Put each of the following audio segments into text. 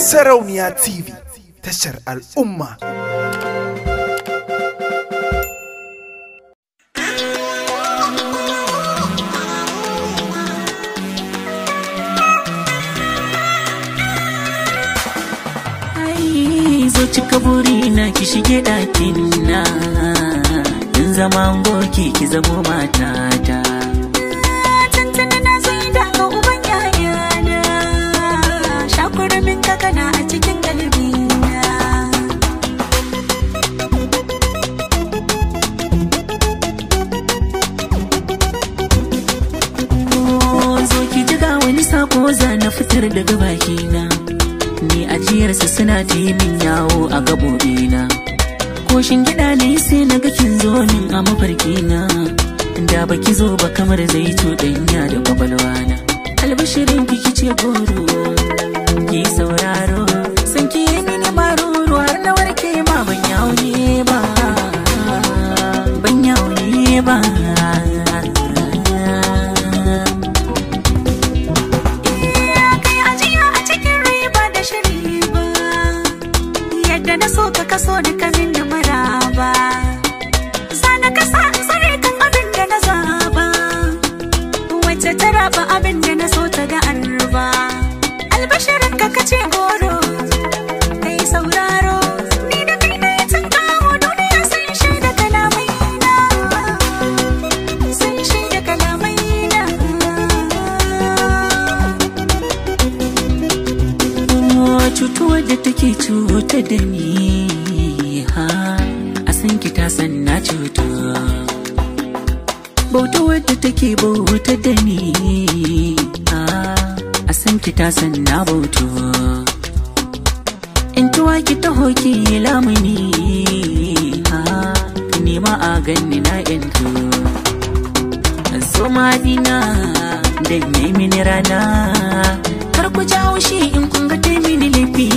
Sarauniya TV tashar al'umma. zo cika buri na ki shige ɗakin na in zama goki ki zama mata koza na fitar da daga bakina ni ajiyarsa suna ta yi min yawo a na koshin gida ne sai na ga kin zo min a mafarkina da baki zo ba kamar zai danya da na albishirin kiki ce goro ki sauraro san ki yi mini maro har na warke ma ban yawo ne ba ban yawo ne ba ka so dukkanin da maraba Sana ka sa in sare kan abin da na zaba Wacce ta raba abin da na so ta ga an ruba Albashirin ka kace goro Kai sauraro Ni da tun kawo duniya sun shaida kalamai na Sun shaida kalamai na da take cuta da ni cuta bauta wadda take bauta da ni a san ki ta san na bautu in tuwa ki ta hoki lamuni ka nema a ganni na yanku zoma dina da nemi rana kar ku ji haushi in kun ga lafi laifi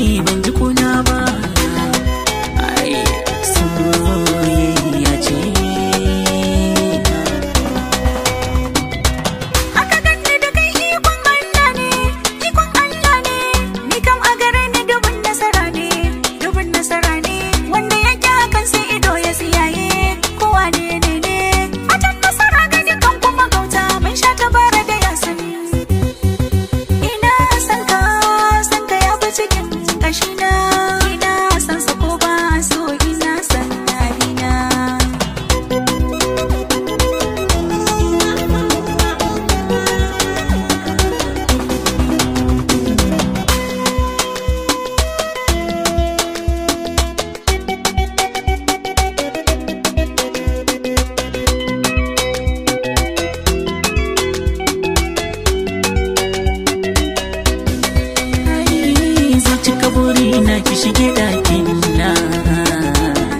na ki shige ɗakin na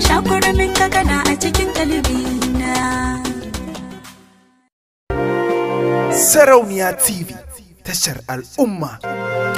shakwara min gagana a cikin ɗalibi na sarauniya tv tashar al'umma